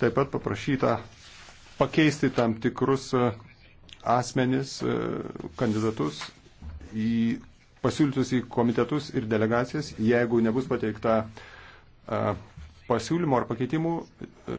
Taip pat paprašyta pakeisti tam tikrus e, asmenis, e, kandidatus į pasiūlytus į komitetus ir delegacijas, jeigu nebus pateikta e, pasiūlymo ar pakeitimų